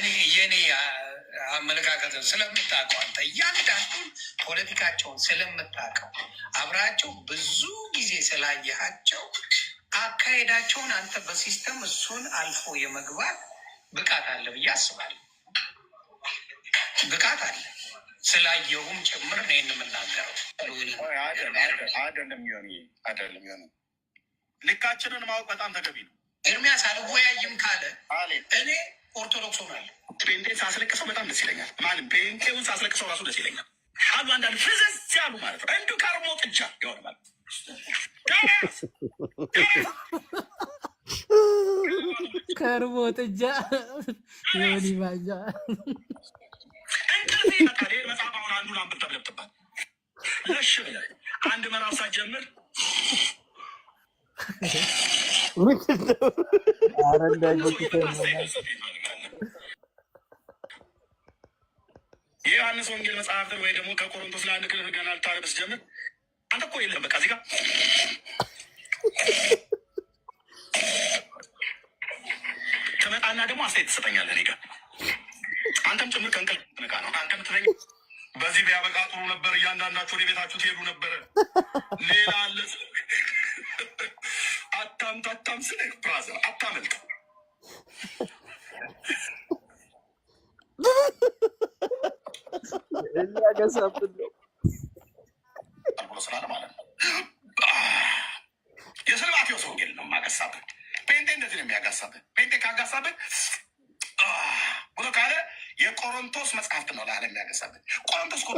እኔ የኔ አመለካከት ስለምታውቀው አንተ እያንዳንዱን ፖለቲካቸውን ስለምታውቀው አብራቸው ብዙ ጊዜ ስላየሃቸው አካሄዳቸውን አንተ በሲስተም እሱን አልፎ የመግባት ብቃት አለ ብዬ አስባለሁ። ብቃት አለ ስላየሁም ጭምር ነው የምናገረው። ሆን አይደለም ሆን ልካችንን ማወቅ በጣም ተገቢ ነው። ኤርሚያስ አልወያይም ካለ እኔ ኦርቶዶክስ ሆናል። ጴንጤ ሳስለቅሰው በጣም ደስ ይለኛል። ማለት ጴንጤውን ሳስለቅሰው ራሱ ደስ ይለኛል። አሉ አንዳንድ ፍዘዝ ያሉ ማለት ነው። እንዱ ከርሞ ጥጃ የሆነ ማለት ከርሞ ጥጃ ሆን ይባጃ እንቅልፍ ይመጣል። ይህ መጽሐፍ አሁን አንዱን አንብጠብለብጥባል ለሽ አንድ ምዕራፍ ሳትጀምር ምንድነው? ከዮሐንስ ወንጌል መጽሐፍን ወይ ደግሞ ከቆሮንቶስ ለአንድ ክልል ገና ልታረብ ስጀምር አንተ እኮ የለም በቃ እዚህ ጋ ትመጣና ደግሞ አስተያየት ትሰጠኛለህ። እኔ ጋ አንተም ጭምር ከእንቅልፍ ትነቃ ነው አንተም ትተኛ በዚህ ቢያበቃ ጥሩ ነበር። እያንዳንዳችሁ ወደ ቤታችሁ ትሄዱ ነበረ። ሌላ አለ አታምት አታም ስለ ብራዘር አታመልጥ የሚያገሳብን ነው ስራል ማለት ነው። ወንጌል ነው የማገሳብን። ጴንጤ እንደዚህ ነው የሚያጋሳብን። ጴንጤ ካጋሳብን ብሎ ካለ የቆሮንቶስ መጽሐፍት ነው ለዓለም የሚያገሳብን። ቆሮንቶስ እኮ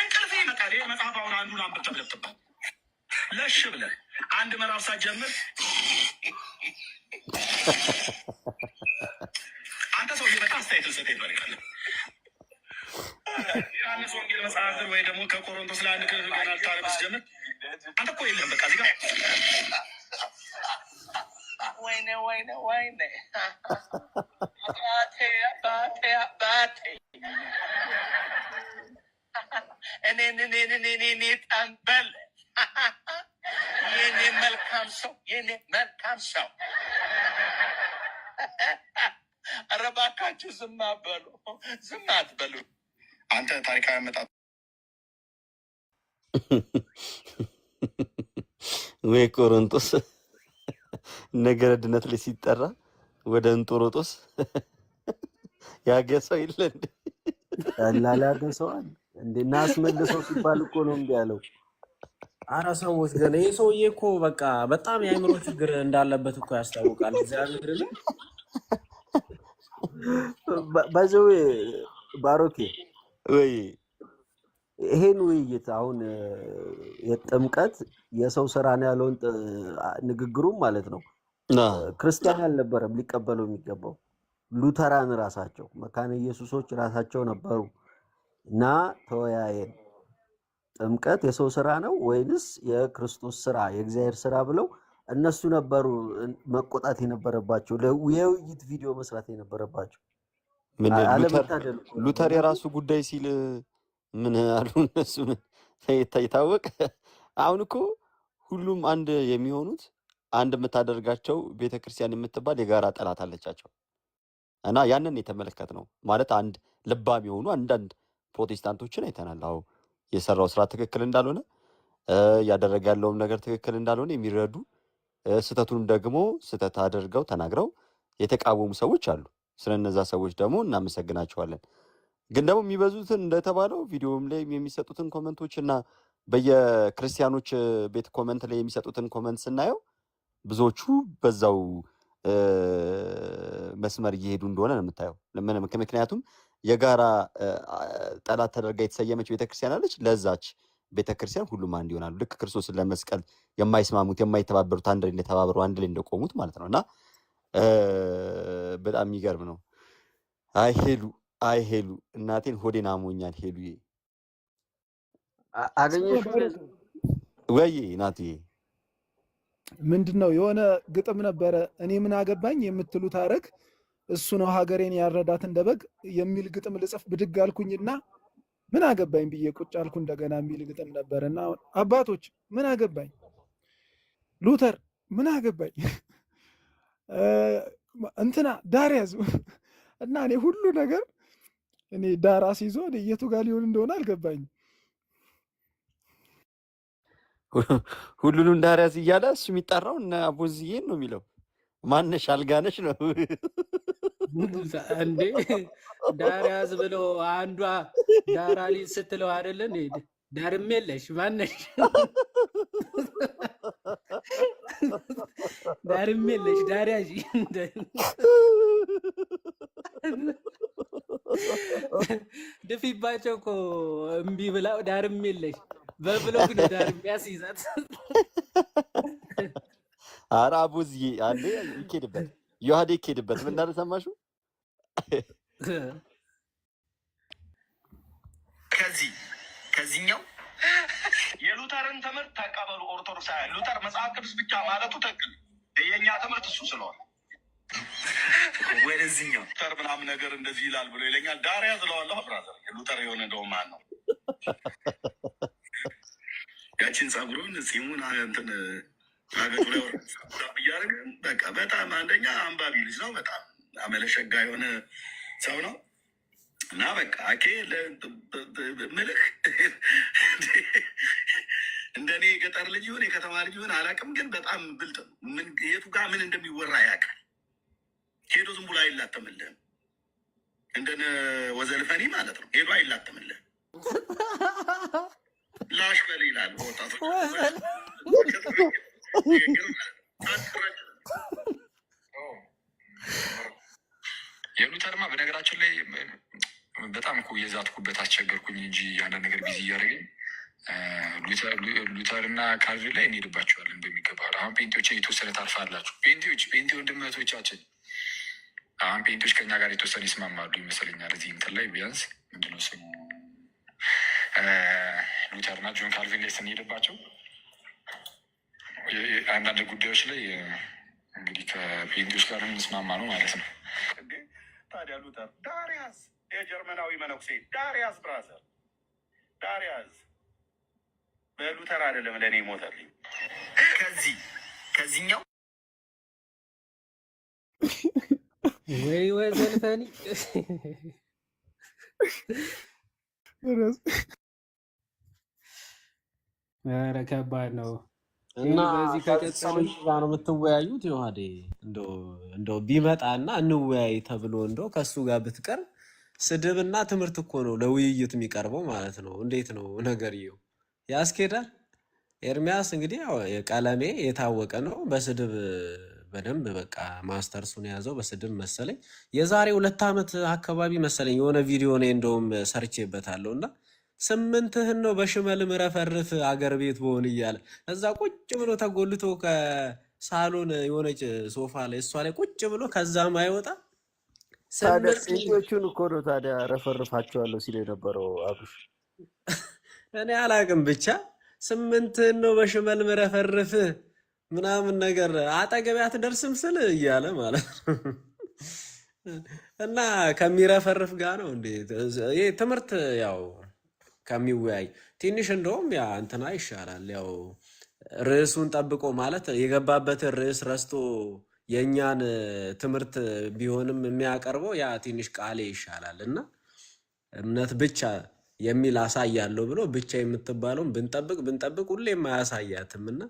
እንቅልፍ ይመጣል። ይህ መጽሐፍ አሁን አንዱ ላምብር ተብለጥባል ለሽ ብለህ አንድ ምዕራፍ ሳትጀምር አንተ ሰው ሊመጣ አስተያየት ልሰጥ ይፈልጋለ ዮሐንስ ወንጌል መጽሐፍን ወይ ደግሞ ከቆሮንቶስ ለአንድ ክፍል ገናል ታረብ ስጀምር አንተ እኮ የለም በቃ እዚህ ጋር ወይኔ ወይኔ ወይኔ እኔን እኔን እኔን ጠንበል የኔ መልካም ሰው የኔ መልካም ሰው ኧረ እባካችሁ ዝም አትበሉ፣ ዝም አትበሉ። አንተ ታሪካዊ ወይ ላይ ሲጠራ ወደ እንጦሮጦስ ያገሰው የለ እንዴ ያላላገሰዋል እንደና አስመልሰው ሲባል እኮ ነው እንዲ ያለው። አረ ሰዎች ግን ይህ ሰውዬ እኮ በቃ በጣም የአእምሮ ችግር እንዳለበት እኮ ያስታውቃል። እግዚአብሔር ባይዘዌ ባሮኬ ወይ ይሄን ውይይት አሁን የጥምቀት የሰው ስራ ነው ያለውን ንግግሩም ማለት ነው ክርስቲያን አልነበረም ሊቀበለው የሚገባው ሉተራን ራሳቸው መካነ ኢየሱሶች ራሳቸው ነበሩ። ና ተወያየን። ጥምቀት የሰው ስራ ነው ወይንስ የክርስቶስ ስራ የእግዚአብሔር ስራ ብለው እነሱ ነበሩ መቆጣት የነበረባቸው፣ የውይይት ቪዲዮ መስራት የነበረባቸው። ሉተር የራሱ ጉዳይ ሲል ምን አሉ እነሱ? የታወቀ አሁን እኮ ሁሉም አንድ የሚሆኑት አንድ የምታደርጋቸው ቤተክርስቲያን የምትባል የጋራ ጠላት አለቻቸው እና ያንን የተመለከት ነው ማለት አንድ ልባም የሆኑ አንዳንድ ፕሮቴስታንቶችን አይተናል። አዎ የሰራው ስራ ትክክል እንዳልሆነ እያደረገ ያለውም ነገር ትክክል እንዳልሆነ የሚረዱ ስህተቱንም ደግሞ ስህተት አድርገው ተናግረው የተቃወሙ ሰዎች አሉ። እነዛ ሰዎች ደግሞ እናመሰግናቸዋለን። ግን ደግሞ የሚበዙትን እንደተባለው ቪዲዮም ላይ የሚሰጡትን ኮመንቶች እና በየክርስቲያኖች ቤት ኮመንት ላይ የሚሰጡትን ኮመንት ስናየው ብዙዎቹ በዛው መስመር እየሄዱ እንደሆነ ነው የምታየው። ምክንያቱም የጋራ ጠላት ተደርጋ የተሰየመች ቤተክርስቲያን አለች። ለዛች ቤተክርስቲያን ሁሉም አንድ ይሆናሉ። ልክ ክርስቶስን ለመስቀል የማይስማሙት የማይተባበሩት አንድ ላይ እንደተባበሩ አንድ ላይ እንደቆሙት ማለት ነው እና በጣም የሚገርም ነው። አይ ሄሉ አይ ሄሉ እናቴን ሆዴን አሞኛል። ሄሉ አገኘሽ ወይ ናት? ምንድን ነው የሆነ ግጥም ነበረ እኔ ምን አገባኝ የምትሉት አረግ እሱ ነው ሀገሬን ያረዳት እንደበግ የሚል ግጥም ልጽፍ ብድግ አልኩኝና ምን አገባኝ ብዬ ቁጭ አልኩ። እንደገና የሚል ግጥም ነበር እና አባቶች ምን አገባኝ፣ ሉተር ምን አገባኝ፣ እንትና ዳር ያዙ እና እኔ ሁሉ ነገር እኔ ዳር አስይዞ የቱ ጋር ሊሆን እንደሆነ አልገባኝ። ሁሉንም ዳር ያዝ እያለ እሱ የሚጠራው እነ አቦዝዬን ነው የሚለው። ማነሽ አልጋነሽ ነው እንዴ ዳር ያዝ ብሎ አንዷ ዳራ ሊዝ ስትለው ዳርም የለሽ ማነሽ ዳርም የለሽ ዳር ያዥ ድፊባቸው እኮ እምቢ ዳርም የለሽ ነው አንዴ ይኬድበት ዮሐዴ ይኬድበት ምን እንዳለ ሰማሽው? ከዚህ ከዚህኛው የሉተርን ትምህርት ተቀበሉ ኦርቶዶክሳውያን። ሉተር መጽሐፍ ቅዱስ ብቻ ማለቱ ተቅል የእኛ ትምህርት እሱ ስለሆነ ወደዚህኛው ሉተር ምናምን ነገር እንደዚህ ይላል ብሎ ይለኛል። ዳሪያ ዝለዋለሁ። ብራዘር የሉተር የሆነ ደው ማን ነው? ያችን ጸጉሩን ጺሙን እንትን አገቱ ላይ ወረ እያደረገ በቃ በጣም አንደኛ አንባቢ ልጅ ነው። በጣም አመለሸጋ የሆነ ሰው ነው እና በቃ አኬ ምልህ እንደኔ የገጠር ልጅ ይሁን የከተማ ልጅ ይሁን አላውቅም፣ ግን በጣም ብልጥ የቱ ጋር ምን እንደሚወራ ያውቃል። ሄዶ ዝም ብሎ አይላተምልህም። እንደነ ወዘልፈኒ ማለት ነው። ሄዶ አይላተምልህም። ላሽ በል ይላል ወጣቱ ይስማማሉ ይመስለኛል። እዚህ እንትን ላይ ቢያንስ ምንድነው ስሙ ሉተርና ጆን ካልቪን ላይ ስንሄድባቸው አንዳንድ ጉዳዮች ላይ እንግዲህ ከጴንጤዎች ጋር የምንስማማ ነው ማለት ነው። ታዲያ ሉተር ዳሪያስ የጀርመናዊ መነኩሴ ዳሪያስ ብራዘር ዳሪያስ በሉተር አይደለም ለእኔ ይሞታል ከዚህ ከዚህኛው ወይ ወዘን ኧረ ከባድ ነው እና ነው የምትወያዩት። ዮሐዴ እንደው ቢመጣ እና እንወያይ ተብሎ እንደው ከሱ ጋር ብትቀርብ ስድብ እና ትምህርት እኮ ነው ለውይይት የሚቀርበው ማለት ነው። እንዴት ነው ነገርየው? ያስኬዳል። ኤርሚያስ እንግዲህ ቀለሜ የታወቀ ነው በስድብ በደንብ በቃ ማስተርሱን የያዘው በስድብ መሰለኝ የዛሬ ሁለት ዓመት አካባቢ መሰለኝ የሆነ ቪዲዮ እኔ እንደውም ሰርቼበታለሁ እና ስምንትህን ነው በሽመል ምረፈርፍ አገር ቤት በሆን እያለ እዛ ቁጭ ብሎ ተጎልቶ ከሳሎን የሆነች ሶፋ ላይ እሷ ላይ ቁጭ ብሎ ከዛ ማይወጣ ሴቶቹን እኮ ነው ታዲያ ረፈርፋቸዋለሁ ሲል የነበረው አብሽ። እኔ አላቅም ብቻ ስምንትህን ነው በሽመል ምረፈርፍ ምናምን ነገር አጠገቢያ አትደርስም ስል እያለ ማለት እና ከሚረፈርፍ ጋር ነው እንዴ ትምህርት ያው ከሚወያይ ትንሽ እንደውም ያ እንትና ይሻላል። ያው ርዕሱን ጠብቆ ማለት የገባበትን ርዕስ ረስቶ የእኛን ትምህርት ቢሆንም የሚያቀርበው ያ ትንሽ ቃሌ ይሻላል እና እምነት ብቻ የሚል አሳያለሁ ብሎ ብቻ የምትባለውን ብንጠብቅ ብንጠብቅ ሁሌም አያሳያትም እና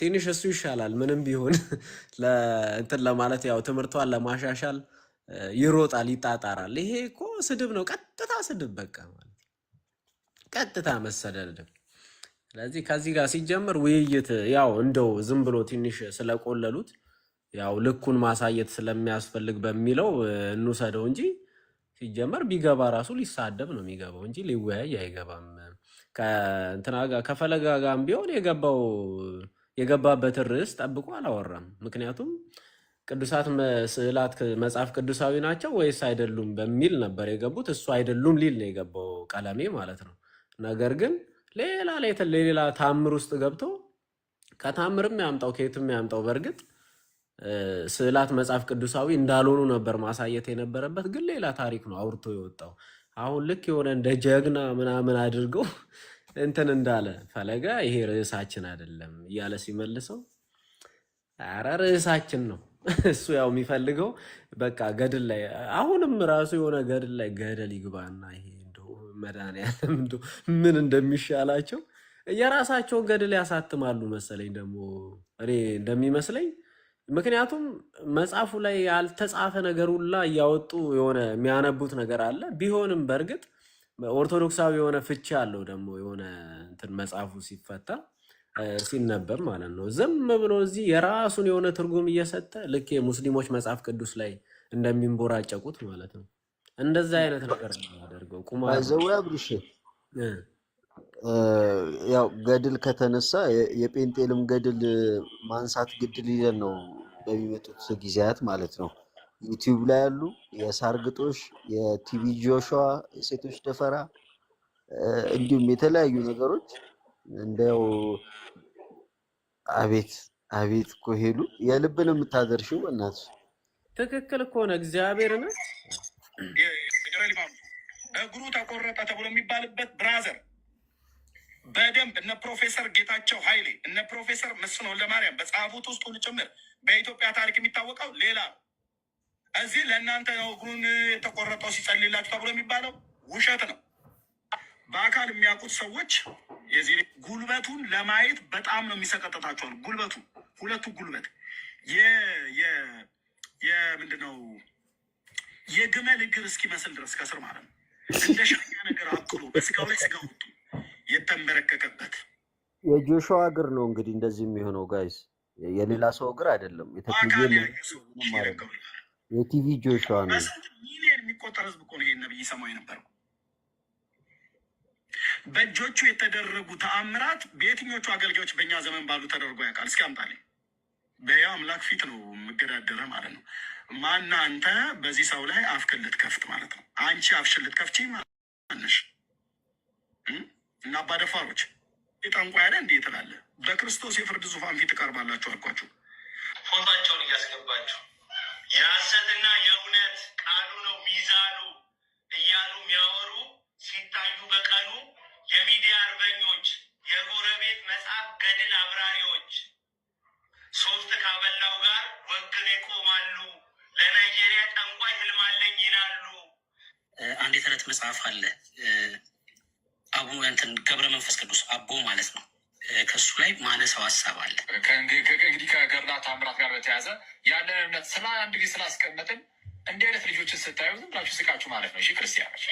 ትንሽ እሱ ይሻላል። ምንም ቢሆን እንትን ለማለት ያው ትምህርቷን ለማሻሻል ይሮጣል፣ ይጣጣራል። ይሄ እኮ ስድብ ነው፣ ቀጥታ ስድብ በቃ ማለት ቀጥታ መሰደድም። ስለዚህ ከዚህ ጋር ሲጀምር ውይይት ያው እንደው ዝም ብሎ ትንሽ ስለቆለሉት ያው ልኩን ማሳየት ስለሚያስፈልግ በሚለው እንውሰደው እንጂ ሲጀመር ቢገባ ራሱ ሊሳደብ ነው የሚገባው እንጂ ሊወያይ አይገባም። ከእንትና ጋር ከፈለጋ ጋርም ቢሆን የገባው የገባበትን ርዕስ ጠብቆ አላወራም። ምክንያቱም ቅዱሳት ስዕላት መጽሐፍ ቅዱሳዊ ናቸው ወይስ አይደሉም በሚል ነበር የገቡት። እሱ አይደሉም ሊል ነው የገባው ቀለሜ ማለት ነው። ነገር ግን ሌላ ሌላ ታምር ውስጥ ገብቶ ከታምርም ያምጣው ከየትም ያምጣው በእርግጥ ስዕላት መጽሐፍ ቅዱሳዊ እንዳልሆኑ ነበር ማሳየት የነበረበት። ግን ሌላ ታሪክ ነው አውርቶ የወጣው። አሁን ልክ የሆነ እንደ ጀግና ምናምን አድርገው እንትን እንዳለ ፈለጋ ይሄ ርዕሳችን አይደለም እያለ ሲመልሰው አረ ርዕሳችን ነው። እሱ ያው የሚፈልገው በቃ ገድል ላይ አሁንም ራሱ የሆነ ገድል ላይ ገደል ይግባና ይሄ እንደው መድኃኒዓለም እንደ ምን እንደሚሻላቸው የራሳቸውን ገድል ያሳትማሉ መሰለኝ ደግሞ እኔ እንደሚመስለኝ። ምክንያቱም መጽሐፉ ላይ ያልተጻፈ ነገር ሁላ እያወጡ የሆነ የሚያነቡት ነገር አለ ቢሆንም በእርግጥ ኦርቶዶክሳዊ የሆነ ፍቺ አለው ደግሞ የሆነ እንትን መጽሐፉ ሲፈታ ሲነበብ ማለት ነው። ዝም ብሎ እዚህ የራሱን የሆነ ትርጉም እየሰጠ ልክ የሙስሊሞች መጽሐፍ ቅዱስ ላይ እንደሚንቦራጨቁት ማለት ነው። እንደዛ አይነት ነገር ያደርገው ቁማዘው አብርሽ ያው ገድል ከተነሳ የጴንጤልም ገድል ማንሳት ግድል ይለን ነው በሚመጡት ጊዜያት ማለት ነው። ዩቲዩብ ላይ ያሉ የሳር ግጦሽ፣ የቲቪ ጆሹዋ፣ የሴቶች ደፈራ እንዲሁም የተለያዩ ነገሮች እንደው አቤት አቤት እኮ ሄሉ የልብን የምታደርሽው እናት ትክክል እኮ ነው። እግዚአብሔር እግሩ ተቆረጠ ተብሎ የሚባልበት ብራዘር በደንብ እነ ፕሮፌሰር ጌታቸው ኃይሌ እነ ፕሮፌሰር መስፍን ወልደማርያም በጻፉት ውስጥ ሁሉ ጭምር በኢትዮጵያ ታሪክ የሚታወቀው ሌላ ነው። እዚህ ለእናንተ እግሩን የተቆረጠው ሲጸልላችሁ ተብሎ የሚባለው ውሸት ነው። በአካል የሚያውቁት ሰዎች የዚህ ጉልበቱን ለማየት በጣም ነው የሚሰቀጠጣቸዋል። ጉልበቱ ሁለቱ ጉልበት ምንድን ነው የግመል እግር እስኪመስል ድረስ ከስር ማለት ነው። እንደ ሻኛ ነገር አክሎ በስጋው ላይ ስጋ ወጡ የተንበረከከበት የጆሹዋ እግር ነው እንግዲህ እንደዚህ የሚሆነው ጋይዝ፣ የሌላ ሰው እግር አይደለም። የተክል ሰው ነው ማለት የቲቪ ጆሹዋ ነው። በስንት ሚሊዮን የሚቆጠር ህዝብ እኮ ነው ይሄን ነብይ ሰማው የነበረው። በእጆቹ የተደረጉ ተአምራት በየትኞቹ አገልጋዮች በእኛ ዘመን ባሉ ተደርጎ ያውቃል? እስኪ አምጣልኝ። በያው አምላክ ፊት ነው የምገዳደረ ማለት ነው። ማና አንተ በዚህ ሰው ላይ አፍክን ልትከፍት ማለት ነው። አንቺ አፍሽን ልትከፍቺ ማነሽ? እና አባደፋሮች የጠንቋ ያለ እንዲህ ትላለ። በክርስቶስ የፍርድ ዙፋን ፊት እቀርባላችሁ አልኳችሁ። ፎታቸውን እያስገባችሁ የሐሰትና የእውነት ቃሉ ነው ሚዛኑ እያሉ የሚያወሩ ሲታዩ በቀኑ የሚዲያ አርበኞች፣ የጎረቤት መጽሐፍ ገድል አብራሪዎች ሶስት ካበላው ጋር ወግን ይቆማሉ። ለናይጄሪያ ጠንቋይ ህልማለኝ ይላሉ። አንድ የተረት መጽሐፍ አለ አቡ እንትን ገብረ መንፈስ ቅዱስ አቦ ማለት ነው ከሱ ላይ ማነሳው ሀሳብ አለ። እንግዲህ ከገርላ ታምራት ጋር በተያያዘ ያለ እምነት ስለ አንድ ጊዜ ስላስቀመጥን እንዲህ አይነት ልጆችን ስታዩ ዝም ብላችሁ ስቃችሁ ማለት ነው። እሺ ክርስቲያኖች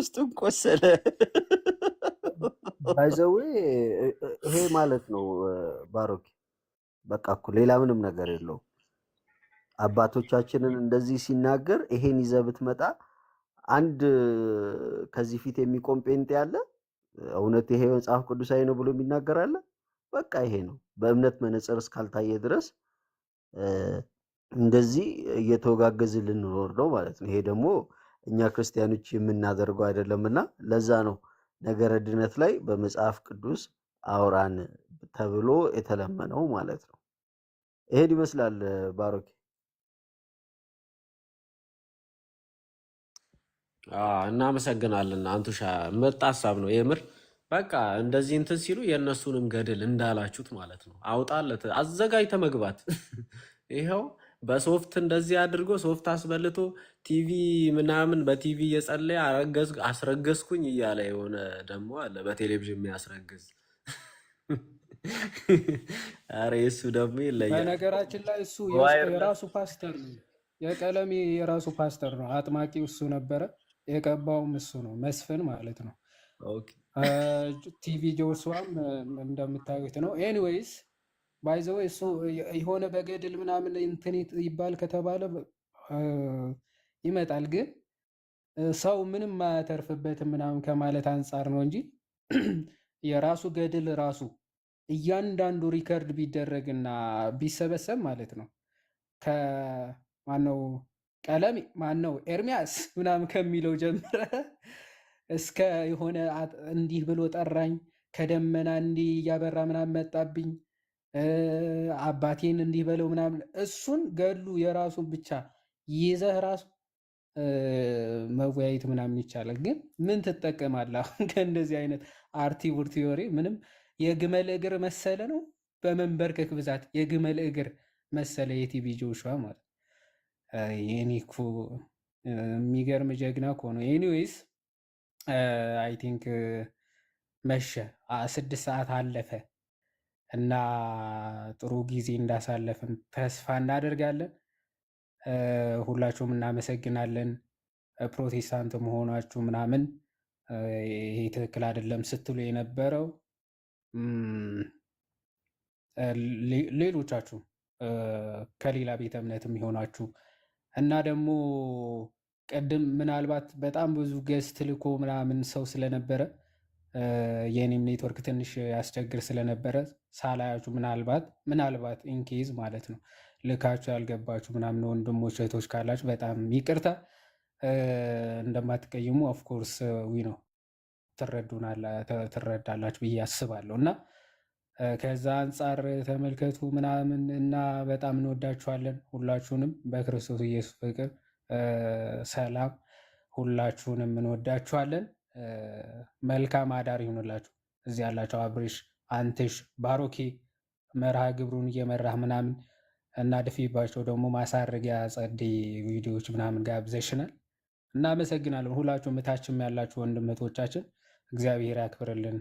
ውስጡን ቆሰለ። ባይዘዌ ይሄ ማለት ነው ባሮኪ በቃ እኮ ሌላ ምንም ነገር የለው አባቶቻችንን እንደዚህ ሲናገር ይሄን ይዘህ ብትመጣ አንድ ከዚህ ፊት የሚቆም ጴንጤ ያለ እውነት ይሄ መጽሐፍ ቅዱሳዊ ነው ብሎ የሚናገር አለ? በቃ ይሄ ነው። በእምነት መነጽር እስካልታየ ድረስ እንደዚህ እየተወጋገዝ ልንኖር ነው ማለት ነው። ይሄ ደግሞ እኛ ክርስቲያኖች የምናደርገው አይደለምና ለዛ ነው ነገረ ድነት ላይ በመጽሐፍ ቅዱስ አውራን ተብሎ የተለመነው ማለት ነው። ይሄን ይመስላል ባሮኬ። እናመሰግናለን። አንቱሻ መጣ ሀሳብ ነው የምር በቃ እንደዚህ እንትን ሲሉ የእነሱንም ገድል እንዳላችሁት ማለት ነው አውጣለት አዘጋጅተ መግባት ይኸው በሶፍት እንደዚህ አድርጎ ሶፍት አስበልቶ ቲቪ ምናምን በቲቪ እየጸለየ አስረገዝኩኝ እያለ የሆነ ደግሞ አለ በቴሌቪዥን የሚያስረግዝ አረ እሱ ደግሞ ይለያል። በነገራችን ላይ እሱ የራሱ ፓስተር ነው። የቀለም የራሱ ፓስተር ነው። አጥማቂ እሱ ነበረ፣ የቀባውም እሱ ነው። መስፍን ማለት ነው። ቲቪ ጆስዋም እንደምታዩት ነው። ኤኒዌይስ ባይዘው እሱ የሆነ በገድል ምናምን እንትን ይባል ከተባለ ይመጣል፣ ግን ሰው ምንም አያተርፍበትም ምናምን ከማለት አንጻር ነው እንጂ የራሱ ገድል ራሱ እያንዳንዱ ሪከርድ ቢደረግና ቢሰበሰብ ማለት ነው ከማነው ቀለም ማነው ኤርሚያስ ምናምን ከሚለው ጀምረ እስከ የሆነ እንዲህ ብሎ ጠራኝ ከደመና እንዲህ እያበራ ምናምን መጣብኝ አባቴን እንዲህ በለው ምናምን እሱን ገሉ የራሱን ብቻ ይዘህ ራሱ መወያየት ምናምን ይቻላል። ግን ምን ትጠቀማለህ? አሁን ከእንደዚህ አይነት አርቲ ቡርቲ ወሬ ምንም የግመል እግር መሰለ ነው። በመንበርከክ ብዛት የግመል እግር መሰለ የቲቪ ጆሹዋ ማለት የኔ የሚገርም ጀግና እኮ ነው። ኤኒዌይስ አይ ቲንክ መሸ፣ ስድስት ሰዓት አለፈ። እና ጥሩ ጊዜ እንዳሳለፍን ተስፋ እናደርጋለን። ሁላችሁም እናመሰግናለን። ፕሮቴስታንት መሆናችሁ ምናምን ይሄ ትክክል አይደለም ስትሉ የነበረው ሌሎቻችሁ ከሌላ ቤተ እምነትም የሆናችሁ እና ደግሞ ቅድም ምናልባት በጣም ብዙ ገዝት ልኮ ምናምን ሰው ስለነበረ የኔም ኔትወርክ ትንሽ ያስቸግር ስለነበረ ሳላያችሁ ምናልባት ምናልባት ኢንኬዝ ማለት ነው ልካችሁ ያልገባችሁ ምናምን ወንድሞች እህቶች ካላችሁ በጣም ይቅርታ። እንደማትቀይሙ ኦፍኮርስ ዊ ነው ትረዳላችሁ ብዬ አስባለሁ። እና ከዛ አንጻር ተመልከቱ ምናምን እና በጣም እንወዳችኋለን ሁላችሁንም በክርስቶስ ኢየሱስ ፍቅር ሰላም፣ ሁላችሁንም እንወዳችኋለን። መልካም አዳር ይሁንላችሁ። እዚህ ያላቸው አብሬሽ፣ አንትሽ፣ ባሮኬ መርሃ ግብሩን እየመራህ ምናምን እና ድፊባቸው ደግሞ ማሳረጊያ ጸዴ ቪዲዮዎች ምናምን ጋብዘሽናል። እናመሰግናለን። ሁላችሁ ምታችም ያላችሁ ወንድመቶቻችን እግዚአብሔር ያክብርልን።